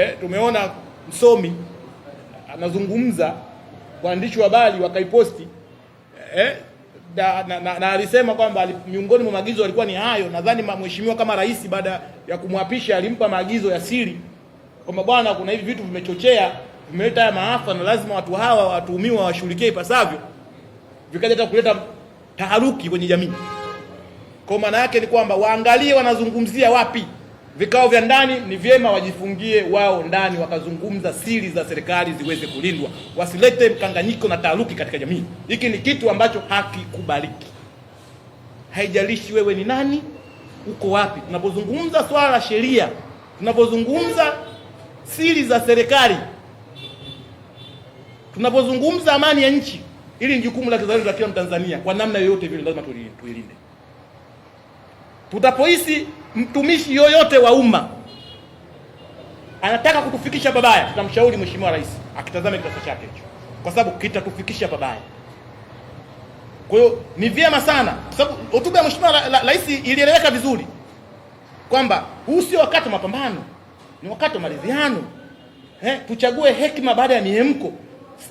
E, tumeona msomi anazungumza waandishi wa habari wakaiposti e, na, na, na, na alisema kwamba miongoni mwa maagizo yalikuwa ni hayo. Nadhani mheshimiwa kama rais baada ya kumwapisha alimpa maagizo ya siri kwamba bwana, kuna hivi vitu vimechochea vimeleta haya maafa na lazima watu hawa watuhumiwa washughulikie ipasavyo, vikaja hata kuleta taharuki kwenye jamii. Kwa maana yake ni kwamba waangalie wanazungumzia wapi vikao vya ndani ni vyema wajifungie wao ndani, wakazungumza siri za serikali ziweze kulindwa, wasilete mkanganyiko na taaruki katika jamii. Hiki ni kitu ambacho hakikubaliki, haijalishi wewe ni nani, uko wapi. Tunapozungumza swala la sheria, tunapozungumza siri za serikali, tunapozungumza amani ya nchi, ili ni jukumu la kizalendo la kila Mtanzania. Kwa namna yoyote vile lazima tuilinde. Tutapohisi Mtumishi yoyote wa umma anataka kutufikisha babaya, tunamshauri Mheshimiwa Rais akitazame kitasa chake hicho, kwa sababu kitatufikisha babaya. Kwa hiyo ni vyema sana, kwa sababu hotuba ya Mheshimiwa Rais ilieleweka vizuri kwamba huu sio wakati wa mapambano, ni wakati wa maridhiano. Eh, tuchague hekima baada ya miemko.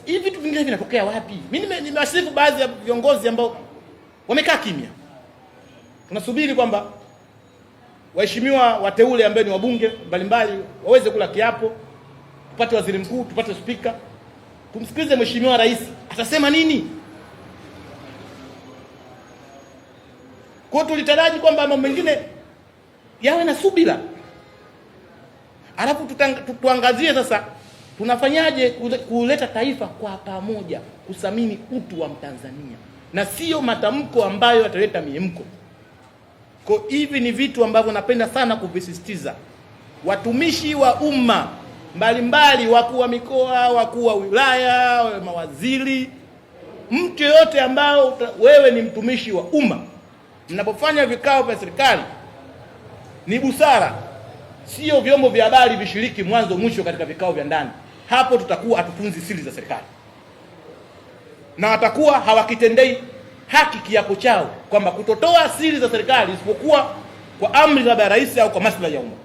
Hivi vitu vingine vinatokea wapi? Mimi nimewasifu baadhi ya viongozi ambao wamekaa kimya, tunasubiri kwamba waheshimiwa wateule ambao ni wabunge mbalimbali waweze kula kiapo, tupate waziri mkuu, tupate spika, tumsikilize mheshimiwa rais atasema nini. Kwa hiyo tulitaraji kwamba mambo mengine yawe na subira, alafu tuangazie sasa tunafanyaje kuleta taifa kwa pamoja, kuthamini utu wa Mtanzania na sio matamko ambayo yataleta miemko. Kwa hivi ni vitu ambavyo napenda sana kuvisisitiza watumishi wa umma mbalimbali, wakuu wa mikoa, wakuu wa wilaya, mawaziri, mtu yoyote ambao wewe ni mtumishi wa umma, mnapofanya vikao vya serikali, ni busara sio vyombo vya habari vishiriki mwanzo mwisho katika vikao vya ndani. Hapo tutakuwa hatutunzi siri za serikali na watakuwa hawakitendei haki kiapo chao kwamba kutotoa siri za serikali isipokuwa kwa amri labda ya rais au kwa maslahi ya umma,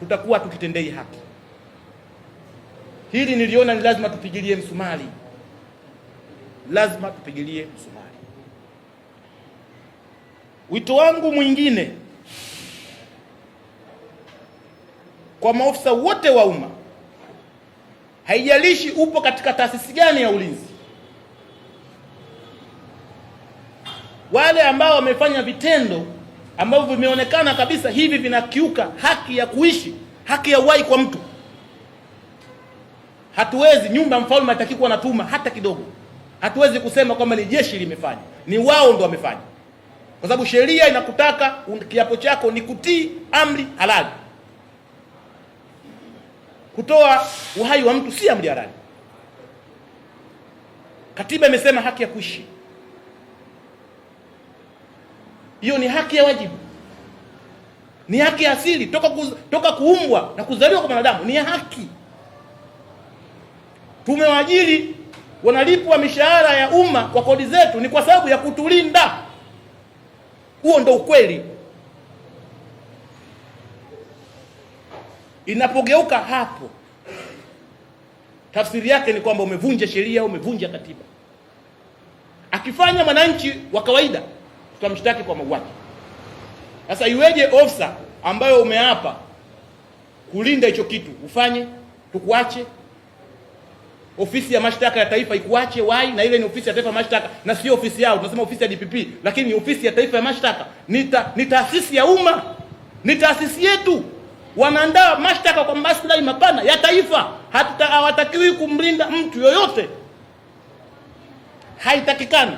tutakuwa tukitendei haki. Hili niliona ni lazima tupigilie msumari, lazima tupigilie msumari. Wito wangu mwingine kwa maofisa wote wa umma, haijalishi upo katika taasisi gani ya ulinzi wale ambao wamefanya vitendo ambavyo vimeonekana kabisa hivi vinakiuka haki ya kuishi, haki ya uhai kwa mtu. Hatuwezi, nyumba mfalme hataki kuwa natuma hata kidogo. Hatuwezi kusema kwamba ni jeshi limefanya, ni wao ndo wamefanya, kwa sababu sheria inakutaka kiapo chako ni kutii amri halali. Kutoa uhai wa mtu si amri halali. Katiba imesema haki ya kuishi. Hiyo ni haki ya wajibu, ni haki ya asili toka, kuz, toka kuumbwa na kuzaliwa kwa mwanadamu, ni haki. Tumewaajiri, wanalipwa mishahara ya umma kwa kodi zetu, ni kwa sababu ya kutulinda. Huo ndo ukweli. Inapogeuka hapo, tafsiri yake ni kwamba umevunja sheria, umevunja katiba. Akifanya mwananchi wa kawaida tutamshtaki kwa mauaji. Sasa iweje ofisa ambayo umeapa kulinda hicho kitu ufanye tukuache? Ofisi ya mashtaka ya taifa ikuache wai, na ile ni ofisi ya taifa ya mashtaka na sio ofisi yao. Tunasema ofisi ya DPP, lakini ni ofisi ya taifa ya mashtaka, ni taasisi ya umma, ni taasisi yetu. Wanaandaa mashtaka kwa maslahi mapana ya taifa. Hawatakiwi kumlinda mtu yoyote, haitakikani.